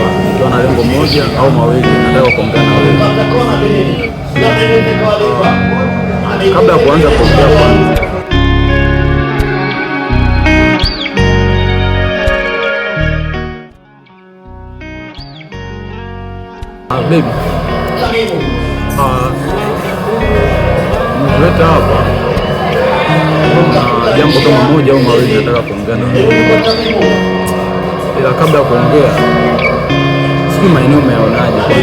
ndoa ikiwa na lengo moja au mawili, nataka kuongea na wewe. Kabla ya kuanza kuongea kwanza ah, Baby, nikuleta ah, hapa na jambo kama moja au mawili nataka kuongea na wewe, ila kabla ya kuongea sijui maeneo umeyaonaje?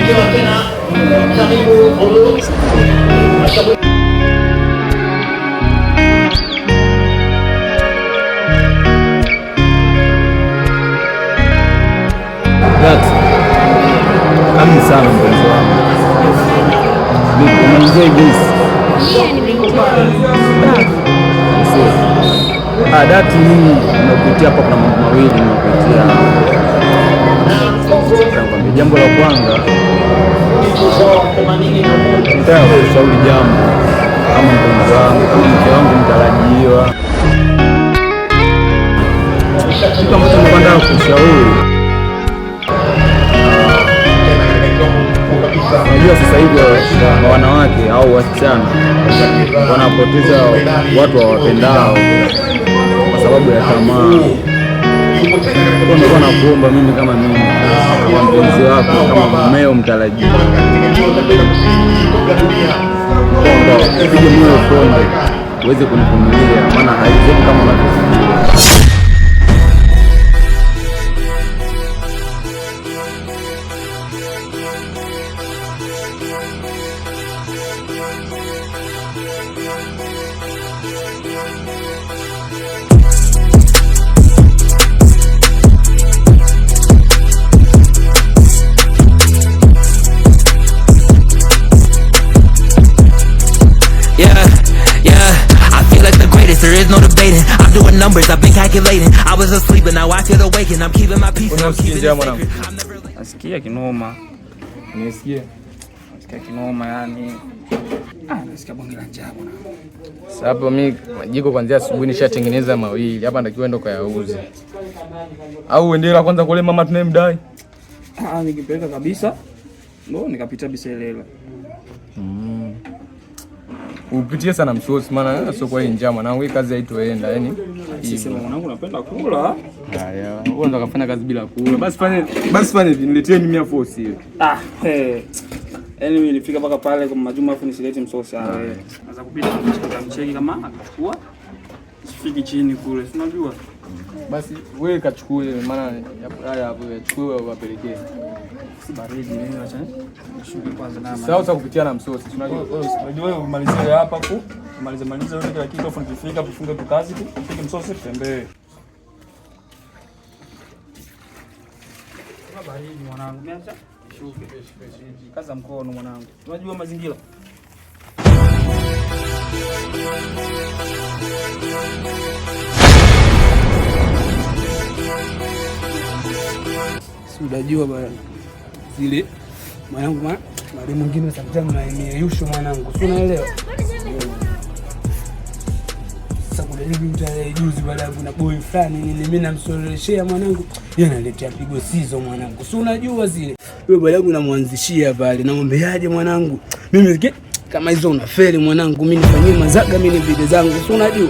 Amni sana mpenzi wangu, nimeingia juice. Dati, mimi nimekuitia hapa, kuna mambo mawili nimekuitia nakwambia, jambo la kwanza nitaka kushauri jambo, kama mpenzi wangu, kama mke wangu mtarajiwa, kitu ambacho nataka kushauri Unajua, sasa hivi wanawake au wasichana wanapoteza watu wawapendao kwa sababu ya tamaa nilikuwa nakuomba mimi kama mimi kama mpenzi wako kama mumeo mtarajiwa, kwamba upige moyo Konde uweze kunivumilia, maana haiwezekani kama numbers, I've been calculating. I was asleep and now I feel awakened. I'm keeping my peace. I'm Nasikia kinoma. Nisikia. Nasikia kinoma yani. Ah, nasikia bonge la ajabu na. Sasa hapo mimi majiko kwanza asubuhi nishatengeneza mawili. Hapa ndio kwenda kwa yauze. Au la kwanza kule mama tunayemdai. Ah, nikipeleka kabisa. Ndio nikapita bisa biselela. Mm upitie sana msosi, maana eh, sio kwa hii njama na hii kazi haitoenda. Yani mwanangu, napenda kula. Haya, wewe ndo kafanya kazi bila kula. Basi fanye, basi fanye, niletee mimi mia force Ah, eh, yani mimi nifika mpaka pale kwa majuma, afu nisilete msosi. Ah, eh. anza kupita kwa mcheki, kama akachukua sifiki chini kule, unajua. Basi wewe kachukue, maana haya hapo, achukue wapelekee sasa utakupitia na msosi. Unajua wewe umalizie hapa ku maliza maliza yote kila kitu afu nikifika kufunga tu kazi tu mpige msosi tutembee. Baridi mwanangu, niacha shuke. Kaza mkono mwanangu. Unajua mazingira. Si unajua bwana zile mwanangu, mwalimu mwingine sometimes naimeyusho mwanangu, si unaelewa? Juzi baada kuna boy fulani nini, mimi namsoreshea mwanangu, yeye analetea pigo sizo mwanangu, si unajua zile yule baada namwanzishia pale, namwambiaje mwanangu, mimi kama hizo unafeli mwanangu, mimi nifanyie mazaga mimi vile zangu, si unajua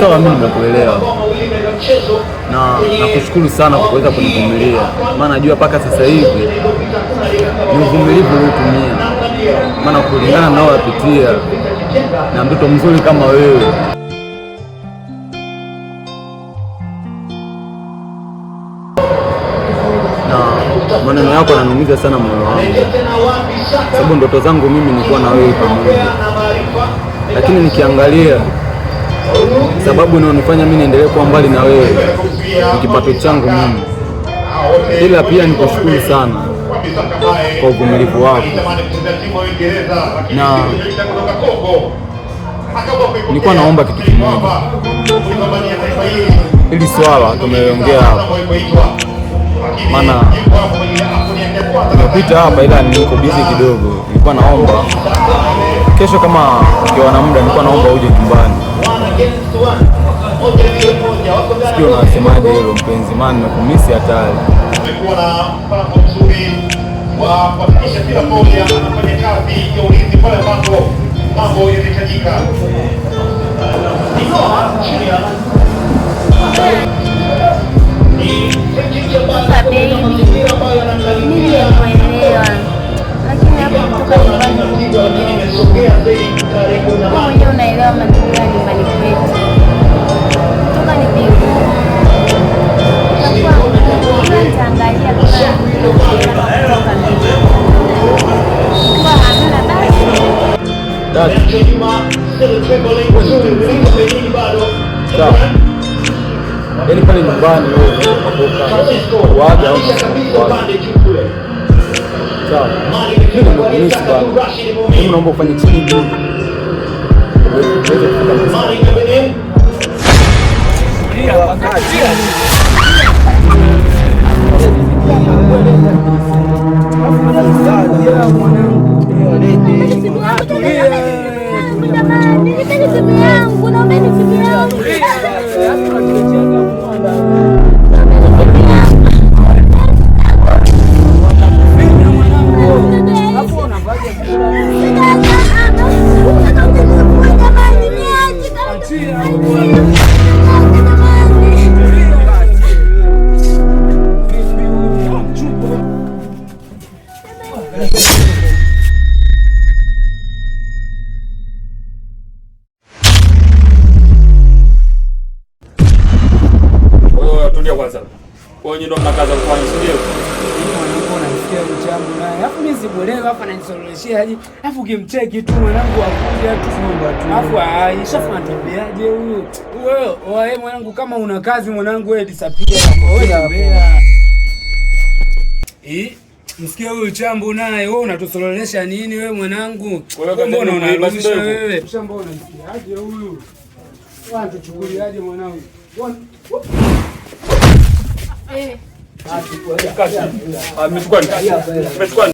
Sawa, mimi nimekuelewa na nakushukuru sana kwa kuweza kunivumilia, maana najua mpaka sasa hivi ni uvumilivu uliotumia, maana kulingana nao yapitia na mtoto mzuri kama wewe maneno yako yananiumiza sana moyo wangu, sababu ndoto zangu mimi kuwa na wewe pamoja, lakini nikiangalia sababu inaonifanya mimi niendelee kuwa mbali na wewe ni kipato changu mimi, ila pia nikushukuru sana kwa uvumilivu wako, na nilikuwa naomba kitu kimoja. Hili swala tumeongea hapa, maana tumepita hapa, ila niko bizi kidogo. Nilikuwa naomba kesho, kama ukiwa na muda, nilikuwa naomba uje nyumbani Sikio nasemaje hilo mpenzi, maana nimekumisi hatari. Tumekuwa na mpango mzuri wa kuhakikisha kila mmoja anafanya kazi ya ulinzi pale ambapo mambo yanahitajika. Nimesogea zaidi karibu mazingira nyumbani kwetu toka nitaangalia yaani pale nyumbani waga naomba ufanye Jamani, nitaki simu yangu, naomba simu yangu. yeye Alafu ukimcheki tu mwanangu akuja tu fumba tu. Alafu aisha ah, anatembeleaje huyu? Wewe wewe mwanangu kama una kazi mwanangu wewe disappear. Wewe mbea. Eh? Msikia huyu chambu naye wewe unatusololesha nini wewe mwanangu? Mbona unarusha wewe? Chambu unasikiaje huyu? Wewe unatuchukuliaje mwanangu? Eh. Ah,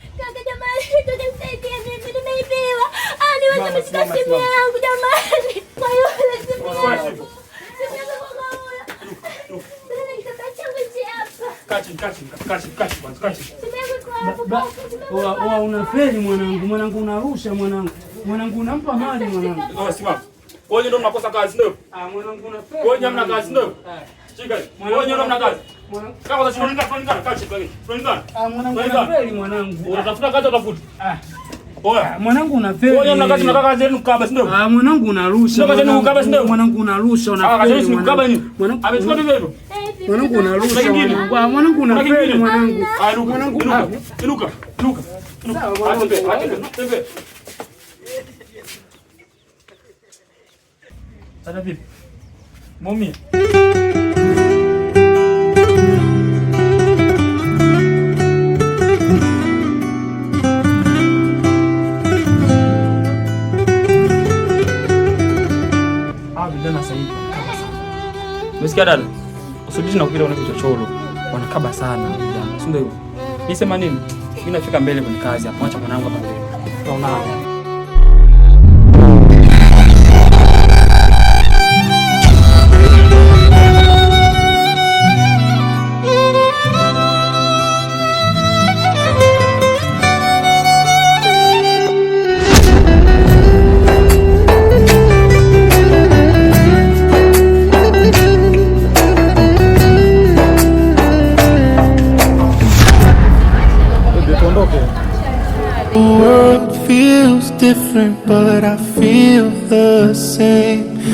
niweze kushika simu yangu jamani. Kwa hiyo simu unafeli mwanangu, mwanangu unarusha mwanangu, mwanangu unampa mali mwanangu. Wewe ndio unakosa kazi ndio? Ah, mwanangu unafeli. Eh. Ah, mwanangu Unatafuta kazi utafuta. Ah. Ah, mwanangu unafeli. Wewe ah, mwanangu unarusha. Mwanangu unarusha Mwanangu amechukua ah, Mwanangu unarusha. Mwanangu mwanangu. mwanangu. Inuka. Inuka. Sikia dada, Usubiri na kupita una kichochoro. Wanakaba sana vijana. Si ndio hivyo? Nisema nini? Mimi nafika mbele kwenye kazi hapo. Acha mwanangu hapa mbele. Tunaonana.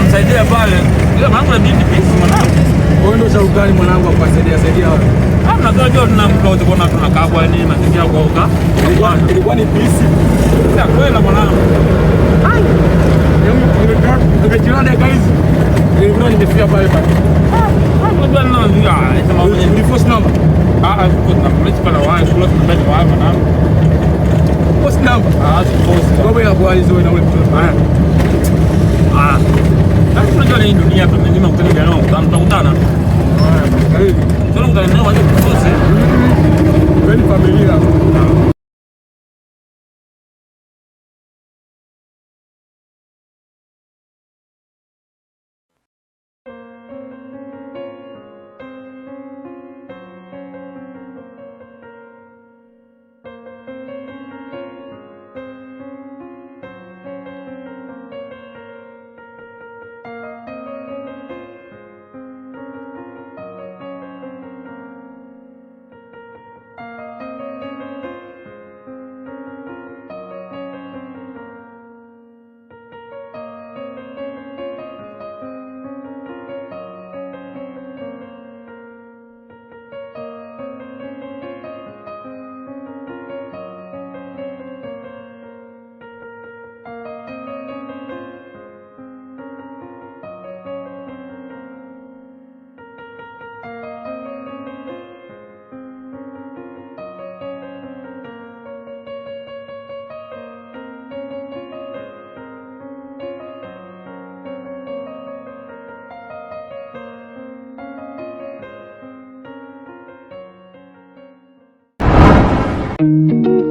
nikamsaidia pale, Ile mwanangu labidi pisi mwanangu. Wewe ndio cha ugali mwanangu akusaidia saidia wewe. Ah, mnakaa jua tuna mtoto kwa tuna kwa nini mazingira kwa uka. Ilikuwa ilikuwa ni pisi. Ya kweli mwanangu. Ai. Yemu yaani, nimekaa nikajirana dakika hizi. Nilikuwa nimefika pale pale. Ah, ah, mnajua nina Sema ah, mwenye ni first number. Ah, ah, kuna mleti pala wapi? Kuna mleti wapi mwanangu? First number. Ah, first. Kwa hiyo kwa hizo na ule mtoto. Ah sawa. Na unajua ni dunia hapa mlima ukutani jana mtakutana. Karibu. Sio ungaeneo waje kusose. Wewe familia. Música